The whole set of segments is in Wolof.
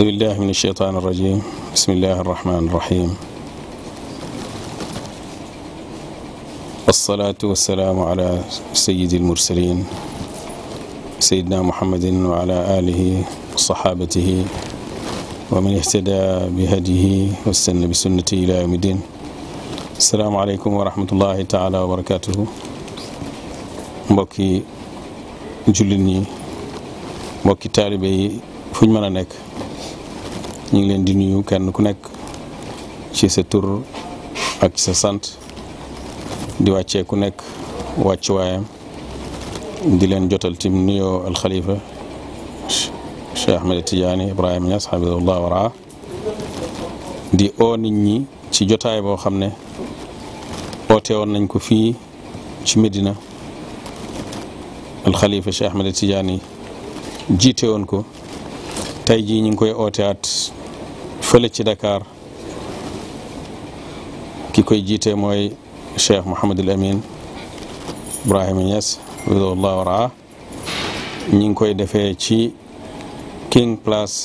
أعوذ بالله من الشيطان الرجيم بسم الله الرحمن الرحيم الصلاة والسلام على سيد المرسلين سيدنا محمد وعلى آله وصحابته ومن اهتدى بهديه واستنى بسنته إلى يوم الدين السلام عليكم ورحمة الله تعالى وبركاته mbokki jullit ñi mbokki taalibe yi fu ñu mën a nekk ñu ngi leen di nuyu kenn ku nekk ci sa tur ak ci sa sant di wàccee ku nekk wàccuwaayam di leen jotal tim nuyoo alxalifa Cheikh Ahmed Tidiane Ibrahima Niass xafidahullah waraa di oo nit ñi ci jotaay boo xam ne oote woon nañ ko fii ci Medina alxalifa Cheikh Ahmed Tidiane jiite woon ko tay jii ñu ngi koy oote at fële ci Dakar ki koy jiite mooy Cheikh Mouhamadul Amin Ibrahima Niass ridwallahu waraa ñi ngi koy defee ci King Place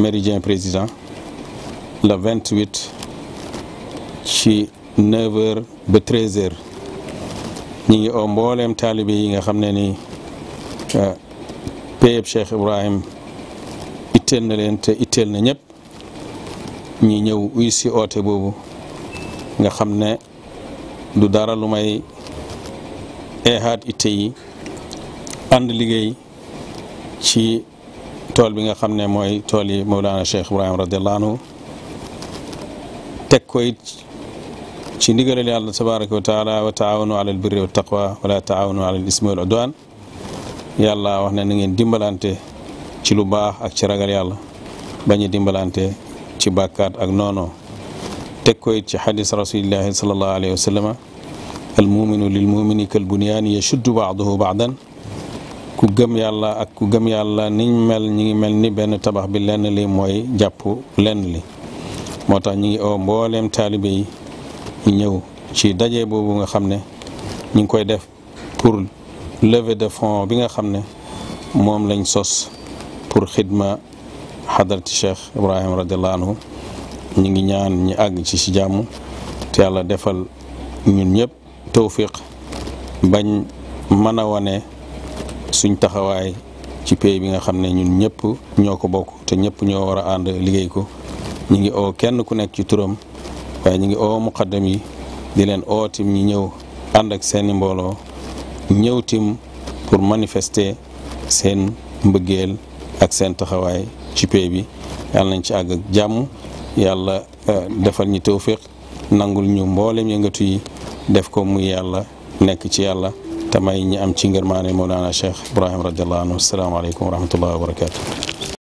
Méridien Président le 28 ci 9h ba 13h ñi ngi oo mbooleem taalibe yi nga xam ne ni euh, payeb Cheikh Ibrahim itteel na leen te na ñëpp ñi ñëw uy si boobu nga xam ne du dara lu may eehaat itte yi ànd liggéey ci tool bi nga xam ne mooy tool yi Mawlana Ibrahim radiallahu teg ko it ci ndigalal yàlla tabaraka wa taala wa taawanu ala albirri wa wala taawanu ala al ismi wal wax ne na dimbalante lu baax ak ci ragal yàlla bañ dimbalante ci bàkkaat ak noonoo teg ko it ci xadis rasulillahi salallahu alayhi wa sallama al muminu lil mumini kal bunyaani yashuddu baax baadan ku gëm yàlla ak ku gëm yàlla niñ mel ñi ngi mel ni benn tabax bi lenn li mooy jàpp lenn li moo tax ñi ngi oo mbooleem taalibe yi ñu ñëw ci daje boobu nga xam ne ñu ngi koy def pour levée de fonds bi nga xam ne moom lañ sos pour xidma xadarati cheikh ibrahima radiallahu anhu ñu ngi ñaan ñi àgg ci si jàmm te yàlla defal ñun ñëpp tawfiq bañ mën a wane suñ taxawaay ci pays bi nga xam ne ñun ñëpp ñoo ko bokk te ñëpp ñoo war a ànd liggéey ko ñu ngi oo kenn ku nekk ci turam waaye ñu ngi oo muqaddam yi di leen oo tim ñi ñëw ànd ak seeni mbooloo ñëw tim pour manifester seen mbëggeel ak seen taxawaay ci pay bi yàlla nañ ci àgg ak jàmm yàlla eh, defal ñu tawfiq nangul ñu mboolem yëngatu yi def ko muy yàlla nekk ci yàlla te may ñi am ci ngërmaane Mawlana Cheikh Ibrahim radiyallahu anhu asalaamaaleykum wa rahmatullahi wa barakatu